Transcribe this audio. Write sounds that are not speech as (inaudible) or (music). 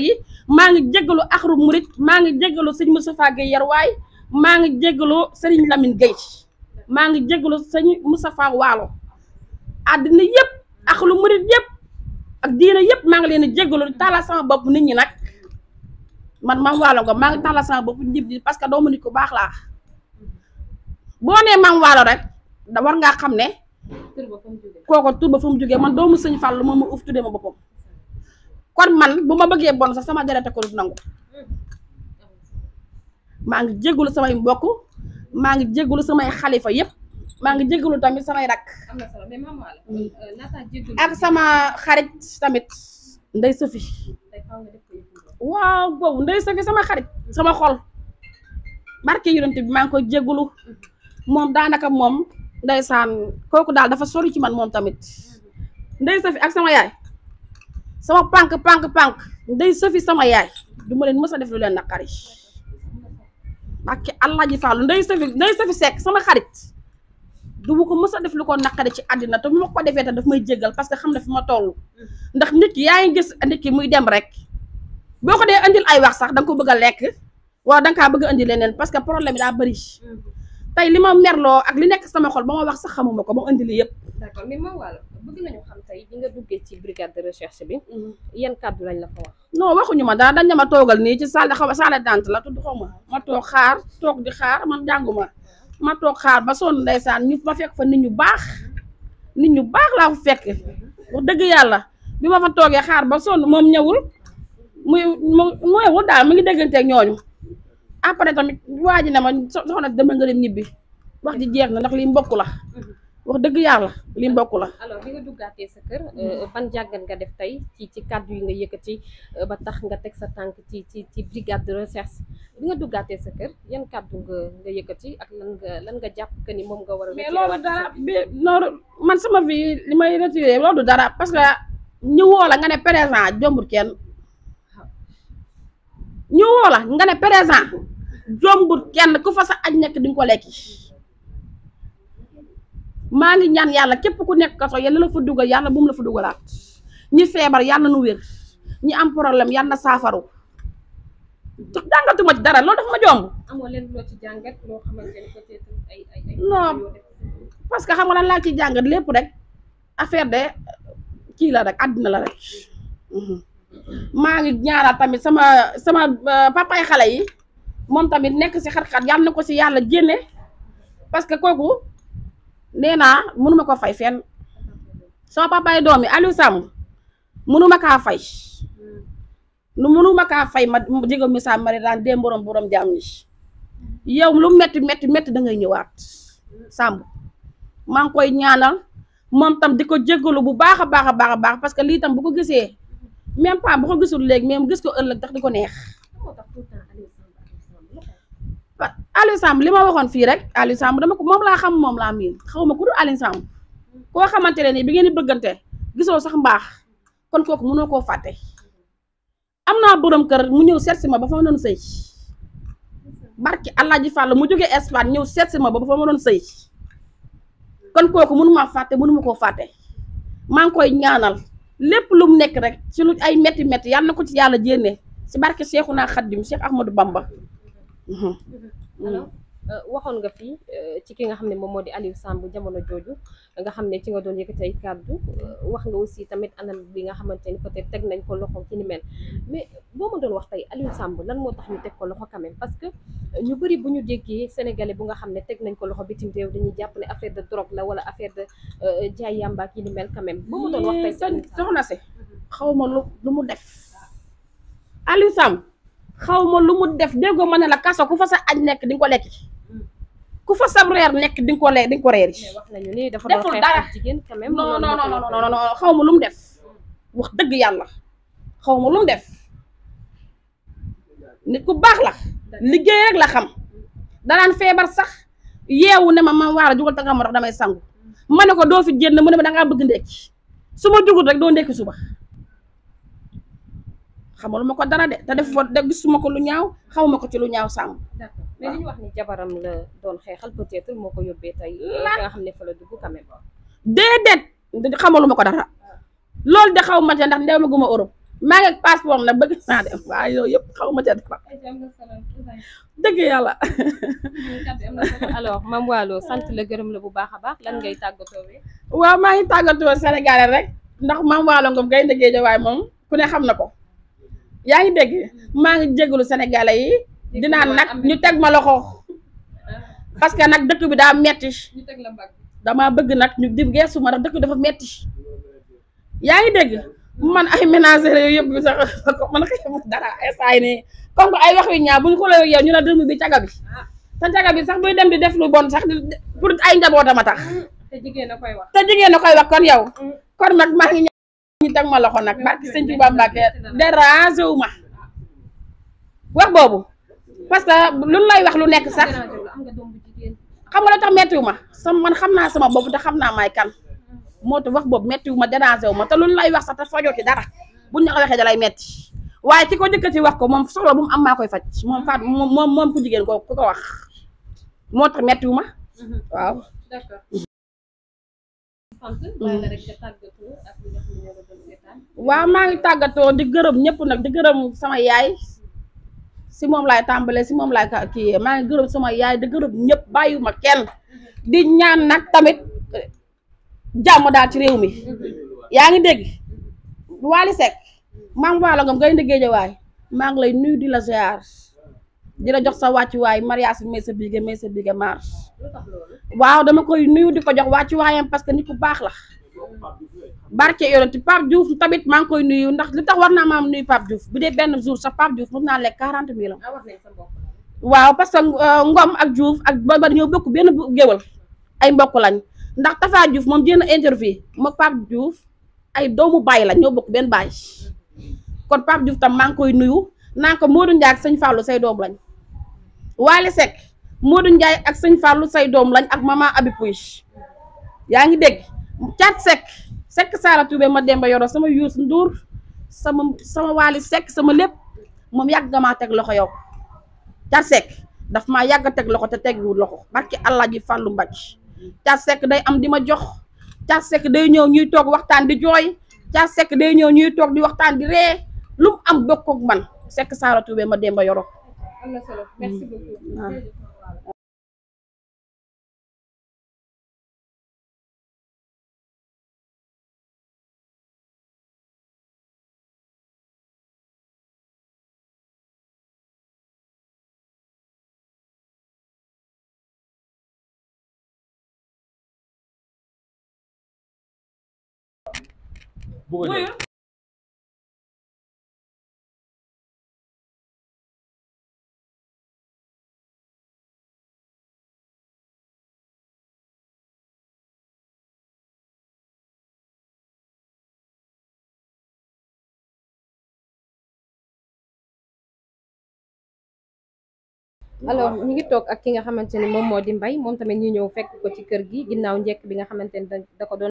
kilifa maa ngi jéggalu axru murit maa ngi jéggalu sëñ Moustapha Guèye Yarwaay maa ngi jéggalu Serigne Lamine Guèye maa ngi jéggalu sëñ Moustapha Waalo àddina yëpp axru murit yëpp ak diina yëpp maa ngi leen di jéggalu taalaa sama bopp nit ñi nag man maam waalo nga maa ngi taalaa sama bopp njib di parce que doomu nit ku baax laa boo nee maam waalo rek da war ngaa xam ne kooku tur ba fu mu jógee man doomu sëñ Fall lu moom ma uf tuddee ma boppam kon man bu ma bëggee bon sax sama derete ko du nangu maa ngi jégalu mbokk maa ngi jégalu samay xalifa yëpp maa ngi jégalu tamit samay rakk mm. euh, ak sama xarit tamit ndey Sofi waaw boobu ndey Sofi sama xarit sama xol barke yonent bi maa ngi koy jégalu moom daanaka moom ndeysaan kooku daal dafa sori ci man moom tamit mm-hmm. ndey Sofi ak sama yaay sama pànk pànk pànk day sëfi sama yaay du ma leen mës a def lu leen naqari barke allah ji fàllu nday sëfi nday sëfi sekk sama xarit du ma ko mës a def lu ko naqari ci àddina te bu ma ko defee te daf may jéggal parce que xam na fi ma toll ndax nit ki yaa ngi gis nit ki muy dem rek boo ko dee indil ay wax sax da ko bëgg lekk wala da nga kaa bëgg a indil leneen parce que problème bi daa bëri mm-hmm. tey li ma merloo ak li nekk sama xol ba ma wax sax xamuma ko ba ma indil yëpp. d'accord bëgg nañu xam tey bi nga duggee ci brigade de recherche bi. Mm-hmm. yan kàddu lañ la fa wax. non waxuñu ma dara dañ ne ma toogal nii ci salle xaw ma salle d'attente la tudd xaw ma ah. ma toog xaar toog di xaar man jànguma ma xaar ba sonn saan ñu ma fekk fa nit ñu baax nit ñu baax laa fa fekk dëgg yàlla bi ma fa toogee xaar ba sonn moom ñëwul muy mu ñëwul daal mi ngi dégganteeg ñooñu après tamit waa ji ne ma soxna dama nga leen ñibbi wax ji jeex na ndax lii mbokk la. Mm-hmm. wax dëgg yàlla li mbokk la. alors bi nga duggaatee sa kër euh, ban jàngat nga def tey ci ci kàddu yi nga yëkkati euh, ba tax nga teg sa tànk ci ci ci brigade de recherche bi nga duggaatee sa kër yan kàddu nga nga yëkkati ak lan nga lan nga jàpp que ni moom nga war a. mais loolu dara bi man sama vie li may retiré loolu dara parce que ñu woo nga ne présent jombul kenn ah. ñu nga ne présent kenn ku fa sa aj nekk di nga ko lekki. maa ngi ñaan yàlla képp ku nekk kaso yàlla la fa dugal yàlla bu mu la fa dugalaat ñi feebar yàlla nu wér ñi am problème yàlla na saafaru jàngatuma ci dara loolu dafa ma jomb. leen loo ci jàngat loo xamante parce que xam nga lan laa ci jàngat lépp rek affaire de kii la rek la mhm. maa ngi ñaaraat tamit sama sama euh, papaay xale yi moom tamit nekk si xat-xat yàlla na ko si yàlla génne parce kooku. nee naa mënuma ko fay fenn sama papaay doom yi Aliou sàmm mënuma kaa fay nu mënuma kaa fay ma jégo misaam mari daan dee borom borom jaam yi yow lu metti metti metti da ngay ñëwaat Samb maa ngi koy ñaanal moom tam di ko jégalu bu baax a baax a baax a baax parce que lii tam bu ko gisee même pas bu ko gisul léegi même gis ko ëllëg tax di ko neex Aliou Samb li ma waxoon fii rek Aliou Samb dama ko moom laa xam moom laa miin xawma ku dul Aliou koo xamante ne nii bi ngeen di bëggante gisoo sax mbaax kon kooku mënoo koo fàtte am naa borom kër mu ñëw seet ma ba fa ma doon sëy barki ji fàll mu jógee Espagne ñëw seet si ma ba fa ma doon sëy kon kooku mënuma fàtte mënuma koo fàtte maa ngi koy ñaanal lépp lu nekk rek ci lu ay metti metti yàlla na ko ci yàlla jénne si barke Seexuna Xaddim Cheikh Ahmadou Bamba Uh-huh. Mm-hmm. alors euh, waxoon nga fii euh, ci ki nga xam ne moom moo di Aliou Samb jamono jooju nga xam ne ci nga doon yëkkati ay kàddu euh, wax nga aussi tamit anam bi nga xamante ni peut-être teg nañ ko loxo ci ni mel mais boo ma doon wax tey Aliou Samb lan moo tax ñu teg ko loxo quand même parce que ñu bëri bu ñu déggee sénégalais bu nga xam ne teg nañ ko loxo bitim réew dañuy jàpp affaire de drogue la wala affaire de jaay yàmba ak yi ni mel quand même boo ma doon wax tey soxna si xaw ma lu lu mu def Aliou xaw ma lu mu def déggoo ma ne la kaso ku fa sa añ nekk di nga ko lekk hmm. ku fa sa reer nekk di nga ko lekk di nga ko reer yi. deful dara non non non non non xaw ma lu mu def wax dëgg yàlla xaw ma lu mu def nit ku baax la liggéey rek la xam danaan feebar sax yeewu ne ma ma waar a jugal ta nga ma dox damay sangu hmm. ma ne ko doo fi génn mu ne ma dangaa bëgg ndekki su ma jugul rek doo ndekki suba. xamaluma ko dara de te def fa de gisuma ko lu ñaaw xamuma ko ci lu ñaaw sàmm. d'accord mais xeexal peut-être moo ko yóbbee tey. lan nga xam ne fa la dugg quand même. déedéet xamaluma ko dara loolu de xaw ma ca ndax ndew ma guma Europe maa passeport nag bëgg naa dem waaye yooyu yëpp xaw ma ca dara. dëgg yàlla. alors Mame Wallo sant la gërëm la bu baax a baax lan ngay tàggatoo bi. waa maa ngi tàggatoo Sénégalais rek ndax Mame Wallo Ngom Gaïndé Guédiawaye moom ku ne xam na ko. yaa ngi dégg maa ngi jégalu sénégalais yi dinaan nag ñu teg ma loxo parce que nag dëkk bi daa metti damaa bëgg nag ñu di geesu ma ndax dëkk bi dafa metti yaa ngi dégg man ay ménagères yooyu yëpp bi sax (laughs) man xëyuma dara instant yi nii comme ay wax yu ñaaw bu ñu xoolee yow ñu ne dëng bi caga bi ah. te caga bi sax buy dem di def lu bon sax pour ay njabootam a tax mm. te jigéen a koy wax kon yow mm. kon nag maa ngi ñu teg ma loxo nag barki sëñ Tuubaa Mbàkke dérange wu ma wax boobu parce que lu lay wax lu nekk sax xam nga la tax méttiwu ma sama man xam naa sama bopp te xam naa may kan moo tax wax boobu méttiwu ma dérange wu ma te lu lay wax sax te fajoo ci dara buñ la ko waxee dalay metti waaye ki ko jëkkati wax ko moom solo bu mu am maa koy faj moom faat moom moom ku jigéen ko ku ko wax moo tax méttiwu ma mhm. waaw Mm. waaw maa ngi tàggatoo di gërëb ñëpp nag di gërëm sama yaay si moom laay tàmbalee si moom laay kii maa ngi gërëm sama yaay di gërëb ñëpp bàyyiwuma kenn mm-hmm. di ñaan nag tamit jàmm daal ci réew mi mm-hmm. yaa ngi dégg mm-hmm. Wally Seck maam Wally Ngom ngay ndéggéejawaay maa ngi lay nuyu di la ziar dina jox sa wàccuwaay mariage bi may sa biige may sa biige marche waaw dama koy nuyu di ko jox wàccuwaayam parce que nit ku baax la barke yonent Pape Diouf tamit maa ngi koy nuyu ndax li tax war naa maam nuyu Pape Diouf bu dee benn jour sax Pape Diouf mën naa lekk quarante mille waaw parce que euh, Ngom ak Diouf ak ba ba ñoo bokk benn géwal ay mbokk lañ ndax Tafa Diouf moom jéem a ma Pape Diouf ay doomu baay lañ ñoo bokk benn baay kon Pape Diouf tam maa ngi koy nuyu naa ko Modou ak sëñ Fallou say doom lañ Waly moo du Ndiaye ak sëñ Fallou say doom lañ ak maman Abi Pouy yaa ngi dégg Thiat Seck Seck Saara Touré ma Demba Yoro sama Youssou Ndour sama sama Waly sekk sama lépp moom yàgg nga maa teg loxo yow Thiat Seck daf maa yàgg a teg loxo te tegwul loxo barki Allah ji Fallou Mbacc Thiat day am di ma jox Thiat Seck day ñëw ñuy toog waxtaan di jooy Thiat Seck day ñëw ñuy toog di waxtaan di ree lu mu am bokk ak man sekk Saara Touré ma Demba Yoro am na solo merci mm. beaucoup. Ah. bu ko alors ñu ngi toog ak ki nga xamante ni moom moo di Mbaye moom tamit ñu ñëw fekk ko ci kër gi ginnaaw njekk bi nga xamante ni da ko doon